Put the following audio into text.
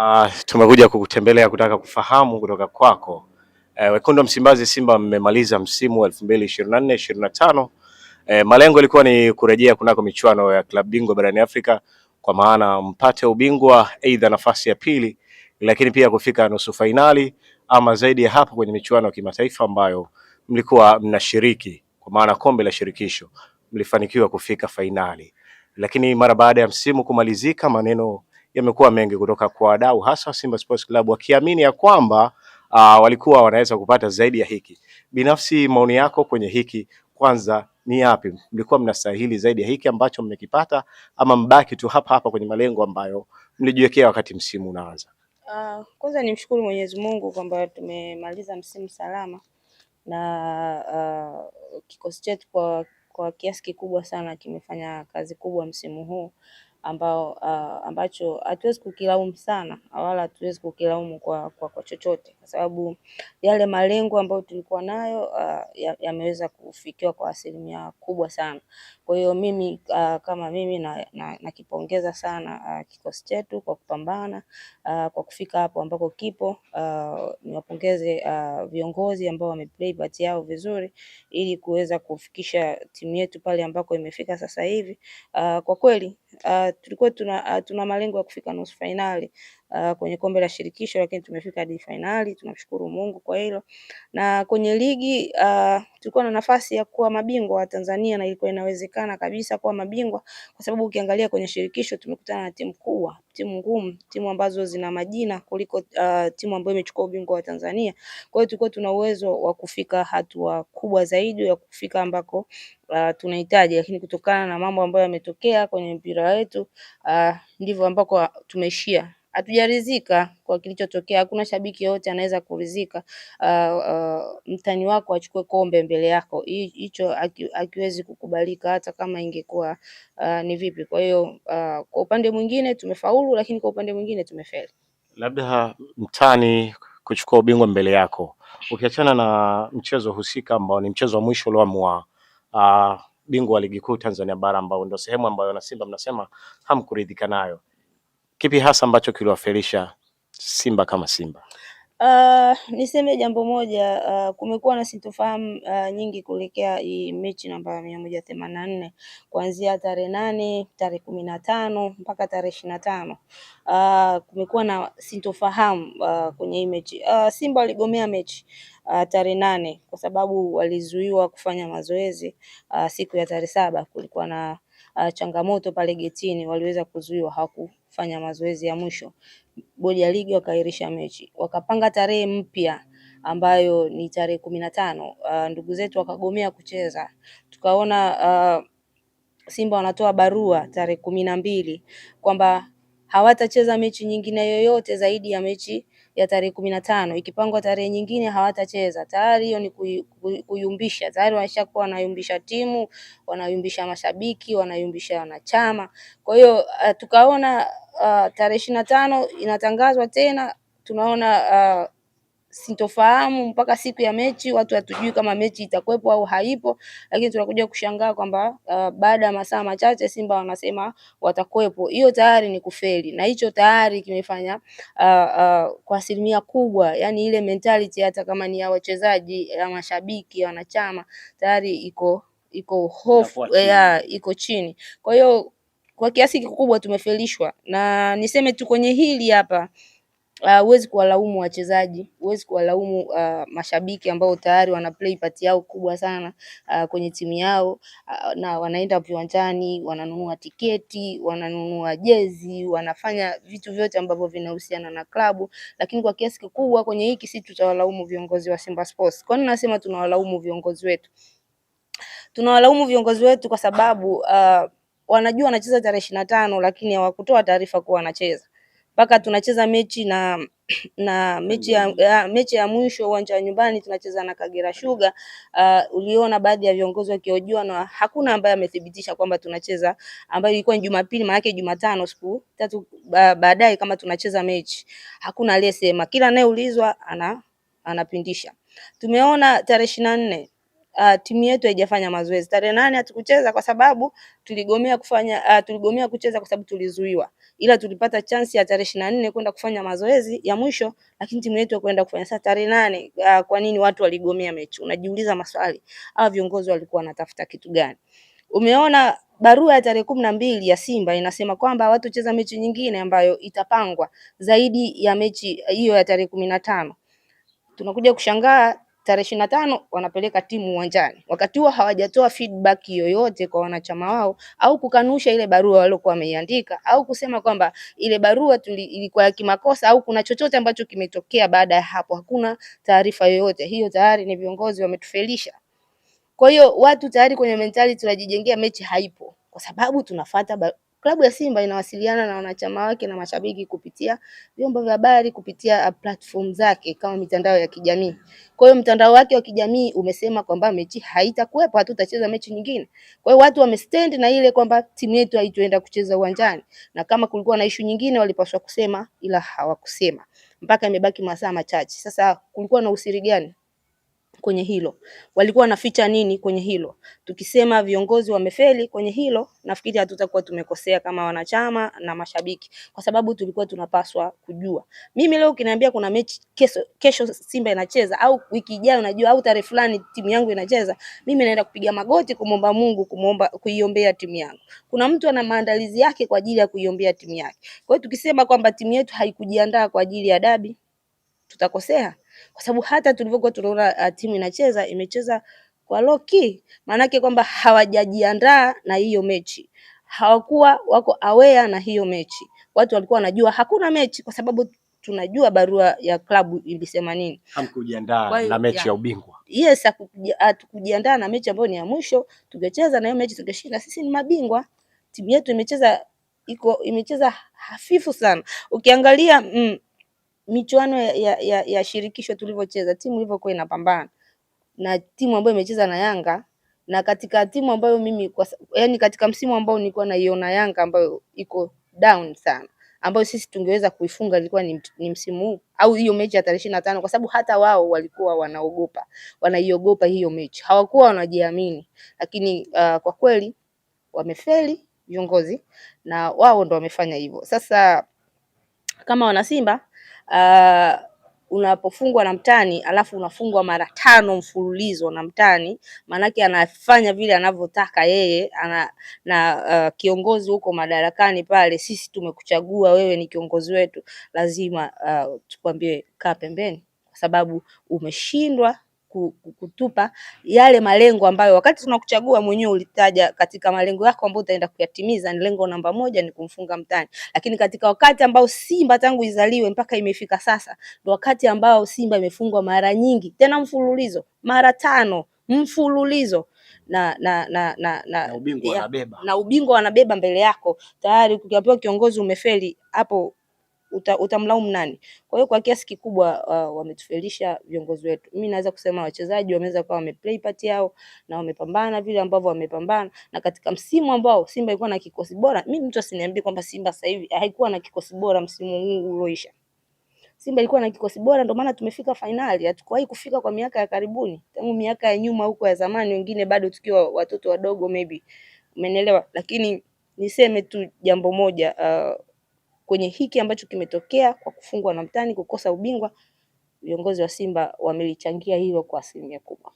Uh, tumekuja kukutembelea kutaka kufahamu kutoka kwako uh, wekundu wa Msimbazi Simba mmemaliza msimu 2024 25. Uh, malengo yalikuwa ni kurejea kunako michuano ya klabu bingwa barani Afrika kwa maana mpate ubingwa aidha nafasi ya pili, lakini pia kufika nusu fainali ama zaidi ya hapo kwenye michuano ya kimataifa ambayo mlikuwa mnashiriki kwa maana kombe la shirikisho, mlifanikiwa kufika fainali, lakini mara baada ya msimu kumalizika maneno yamekuwa mengi kutoka kwa wadau hasa Simba Sports Club wakiamini ya kwamba uh, walikuwa wanaweza kupata zaidi ya hiki. Binafsi, maoni yako kwenye hiki kwanza ni yapi? Mlikuwa mnastahili zaidi ya hiki ambacho mmekipata ama mbaki tu hapa hapa kwenye malengo ambayo mlijiwekea wakati msimu unaanza? Uh, kwanza nimshukuru Mwenyezi Mungu kwamba tumemaliza msimu salama na uh, kikosi chetu kwa, kwa kiasi kikubwa sana kimefanya kazi kubwa msimu huu ambao uh, ambacho hatuwezi kukilaumu sana wala hatuwezi kukilaumu kwa, kwa, kwa chochote kwa sababu yale malengo ambayo tulikuwa nayo uh, yameweza ya kufikiwa kwa asilimia kubwa sana. Kwa hiyo mimi uh, kama mimi nakipongeza na, na sana uh, kikosi chetu kwa kupambana uh, kwa kufika hapo ambako kipo uh, niwapongeze uh, viongozi ambao wameplay part yao vizuri ili kuweza kufikisha timu yetu pale ambako imefika sasa hivi uh, kwa kweli uh, tulikuwa tuna, uh, tuna malengo ya kufika nusu fainali Eh, kwenye kombe la shirikisho, lakini tumefika hadi fainali. Tunamshukuru Mungu kwa hilo, na kwenye ligi uh, tulikuwa na nafasi ya kuwa mabingwa wa Tanzania na ilikuwa inawezekana kabisa kuwa mabingwa, kwa sababu ukiangalia kwenye shirikisho tumekutana na timu kubwa, timu ngumu, timu ambazo zina majina kuliko uh, timu ambayo imechukua ubingwa wa Tanzania. Kwa hiyo tulikuwa tuna uwezo wa kufika hatua kubwa zaidi ya kufika ambako Uh, tunahitaji lakini kutokana na mambo ambayo yametokea kwenye mpira wetu uh, ndivyo ambako tumeishia hatujarizika kwa kilichotokea. Hakuna shabiki yoyote anaweza kuridhika uh, uh, mtani wako achukue kombe mbele yako, hicho hakiwezi kukubalika hata kama ingekuwa uh, ni vipi. Kwa hiyo uh, kwa upande mwingine tumefaulu, lakini kwa upande mwingine tumefeli. Labda mtani kuchukua ubingwa mbele yako, ukiachana na mchezo husika ambao ni mchezo wa mwisho ulioamua uh, bingwa wa ligi kuu Tanzania bara ambao ndio sehemu ambayo na Simba mnasema hamkuridhika nayo kipi hasa ambacho kiliwafelisha Simba kama Simba? Uh, niseme jambo moja uh, kumekuwa na sintofahamu uh, nyingi kuelekea hii mechi namba mia moja themanini na nne kuanzia tarehe nane tarehe kumi na tano mpaka tarehe ishirini na tano uh, kumekuwa na sintofahamu uh, kwenye hii mechi uh, Simba waligomea mechi uh, tarehe nane kwa sababu walizuiwa kufanya mazoezi uh, siku ya tarehe saba kulikuwa na uh, changamoto pale getini, waliweza kuzuiwa haku kufanya mazoezi ya mwisho, bodi ya ligi wakaahirisha mechi, wakapanga tarehe mpya ambayo ni tarehe kumi na tano. Uh, ndugu zetu wakagomea kucheza, tukaona uh, Simba wanatoa barua tarehe kumi na mbili kwamba hawatacheza mechi nyingine yoyote zaidi ya mechi ya tarehe kumi na tano ikipangwa tarehe nyingine hawatacheza. Tayari hiyo ni kuyumbisha, tayari washakuwa wanayumbisha timu, wanayumbisha mashabiki, wanayumbisha wanachama. Kwa hiyo uh, tukaona uh, tarehe ishirini na tano inatangazwa tena tunaona uh, sintofahamu mpaka siku ya mechi. Watu hatujui kama mechi itakuwepo au haipo, lakini tunakuja kushangaa kwamba uh, baada ya masaa machache Simba wanasema watakuwepo. Hiyo tayari ni kufeli, na hicho tayari kimefanya uh, uh, kwa asilimia kubwa, yani ile mentality hata kama ni ya wachezaji, ya mashabiki, ya wanachama tayari iko iko hofu ya iko chini. Kwa hiyo kwa kiasi kikubwa tumefelishwa, na niseme tu kwenye hili hapa Ah, huwezi uh, kuwalaumu wachezaji, huwezi kuwalaumu uh, mashabiki ambao tayari wana play part yao kubwa sana uh, kwenye timu yao uh, na wanaenda viwanjani, wananunua tiketi, wananunua jezi, wanafanya vitu vyote ambavyo vinahusiana na klabu, lakini kwa kiasi kikubwa kwenye hiki si tutawalaumu viongozi wa Simba Sports. Kwa nini nasema tunawalaumu viongozi wetu? Tunawalaumu viongozi wetu kwa sababu uh, wanajua wanacheza tarehe ishirini na tano lakini hawakutoa taarifa kuwa wanacheza mpaka tunacheza mechi na na mechi ya, ya, mechi ya mwisho uwanja wa nyumbani tunacheza na Kagera Sugar. Uh, uliona baadhi ya viongozi wakiojua na hakuna ambaye amethibitisha kwamba tunacheza, ambayo ilikuwa ni Jumapili, yake Jumatano siku tatu baadaye kama tunacheza mechi, hakuna aliyesema. Kila anayeulizwa ana anapindisha. Tumeona tarehe ishirini na nne uh, timu yetu haijafanya mazoezi. Tarehe nane hatukucheza kwa sababu tuligomea kufanya uh, tuligomea kucheza kwa sababu tulizuiwa, ila tulipata chansi ya tarehe ishirini na nne kwenda kufanya mazoezi ya mwisho, lakini timu yetu hakwenda kufanya. Sasa tarehe nane uh, kwa nini watu waligomea mechi? Unajiuliza maswali, hawa viongozi walikuwa wanatafuta kitu gani? Umeona barua ya tarehe kumi na mbili ya Simba inasema kwamba hawatocheza mechi nyingine ambayo itapangwa zaidi ya mechi hiyo ya tarehe kumi na tano. Tunakuja kushangaa tarehe ishirini na tano wanapeleka timu uwanjani. Wakati huo hawajatoa feedback yoyote kwa wanachama wao au kukanusha ile barua waliokuwa wameiandika au kusema kwamba ile barua tuli, ilikuwa ya kimakosa au kuna chochote ambacho kimetokea baada ya hapo. Hakuna taarifa yoyote hiyo, tayari ni viongozi wametufelisha. Kwa hiyo watu tayari kwenye mentality tunajijengea mechi haipo, kwa sababu tunafata Klabu ya Simba inawasiliana na wanachama wake na mashabiki kupitia vyombo vya habari, kupitia uh, platform zake kama mitandao ya kijamii. Kwa hiyo mtandao wake wa kijamii umesema kwamba mechi haitakuwepo, hatutacheza mechi nyingine. Kwa hiyo watu wamestand na ile kwamba timu yetu haitoenda kucheza uwanjani, na kama kulikuwa na ishu nyingine walipaswa kusema, ila hawakusema mpaka imebaki masaa machache. Sasa kulikuwa na usiri gani? kwenye hilo, walikuwa wanaficha nini kwenye hilo? Tukisema viongozi wamefeli kwenye hilo, nafikiri hatutakuwa tumekosea kama wanachama na mashabiki, kwa sababu tulikuwa tunapaswa kujua. Mimi leo ukiniambia kuna mechi kesho, kesho Simba inacheza au wiki ijayo, unajua au tarehe fulani timu yangu inacheza, mimi naenda kupiga magoti kumwomba Mungu, kumwomba kuiombea timu yangu. Kuna mtu ana maandalizi yake kwa ajili ya kuiombea timu yake. Kwa hiyo tukisema kwamba timu yetu haikujiandaa kwa ajili ya dabi, tutakosea kwa sababu hata tulivyokuwa tunaona uh, timu inacheza imecheza kwa low key, maanake kwamba hawajajiandaa na hiyo mechi, hawakuwa wako aware na hiyo mechi. Watu walikuwa wanajua hakuna mechi kwa sababu tunajua barua ya klabu ilisema nini. Hamkujiandaa na mechi ya, ya ubingwa. Yes, hatukujiandaa na mechi ambayo ni ya mwisho. Tungecheza na hiyo mechi tungeshinda, sisi ni mabingwa. Timu yetu imecheza iko imecheza hafifu sana ukiangalia mm, michuano ya, ya, ya, ya shirikisho tulivyocheza, timu ilivyokuwa inapambana na timu ambayo imecheza na Yanga na katika timu ambayo mimi kwa, yani katika msimu ambao nilikuwa naiona Yanga ambayo iko down sana ambayo sisi tungeweza kuifunga ilikuwa ni, ni msimu huu au hiyo mechi ya tarehe ishirini na tano kwa sababu hata wao walikuwa wanaogopa wanaiogopa hiyo mechi, hawakuwa wanajiamini, lakini uh, kwa kweli wamefeli viongozi na wao ndo wamefanya hivyo. Sasa kama wana Simba uh, unapofungwa na mtani alafu unafungwa mara tano mfululizo na mtani, maanake anafanya vile anavyotaka yeye ana, na uh, kiongozi huko madarakani pale, sisi tumekuchagua wewe ni kiongozi wetu, lazima uh, tukwambie kaa pembeni, kwa sababu umeshindwa kutupa yale malengo ambayo wakati tunakuchagua mwenyewe ulitaja katika malengo yako ambayo utaenda kuyatimiza. Ni lengo namba moja ni kumfunga mtani, lakini katika wakati ambao Simba tangu izaliwe mpaka imefika sasa ndio wakati ambao Simba imefungwa mara nyingi tena mfululizo mara tano mfululizo na na na na na, na ubingwa wanabeba mbele yako tayari. Ukiambiwa kiongozi umefeli hapo uta, utamlaumu nani? Kwa hiyo kwa kiasi kikubwa uh, wametufelisha viongozi wetu. Mimi naweza kusema wachezaji wameweza kuwa wameplay part yao na wamepambana vile ambavyo wamepambana, na katika msimu ambao Simba ilikuwa na kikosi bora, mimi mtu asiniambie kwamba Simba sasa hivi haikuwa na kikosi bora msimu huu ulioisha. Simba ilikuwa na kikosi bora, ndio maana tumefika fainali. Hatukuwahi kufika kwa miaka ya karibuni, tangu miaka ya nyuma huko ya zamani, wengine bado tukiwa watoto wadogo, maybe umenelewa. Lakini niseme tu jambo moja uh, kwenye hiki ambacho kimetokea kwa kufungwa na mtani kukosa ubingwa, viongozi wa Simba wamelichangia hilo kwa asilimia kubwa.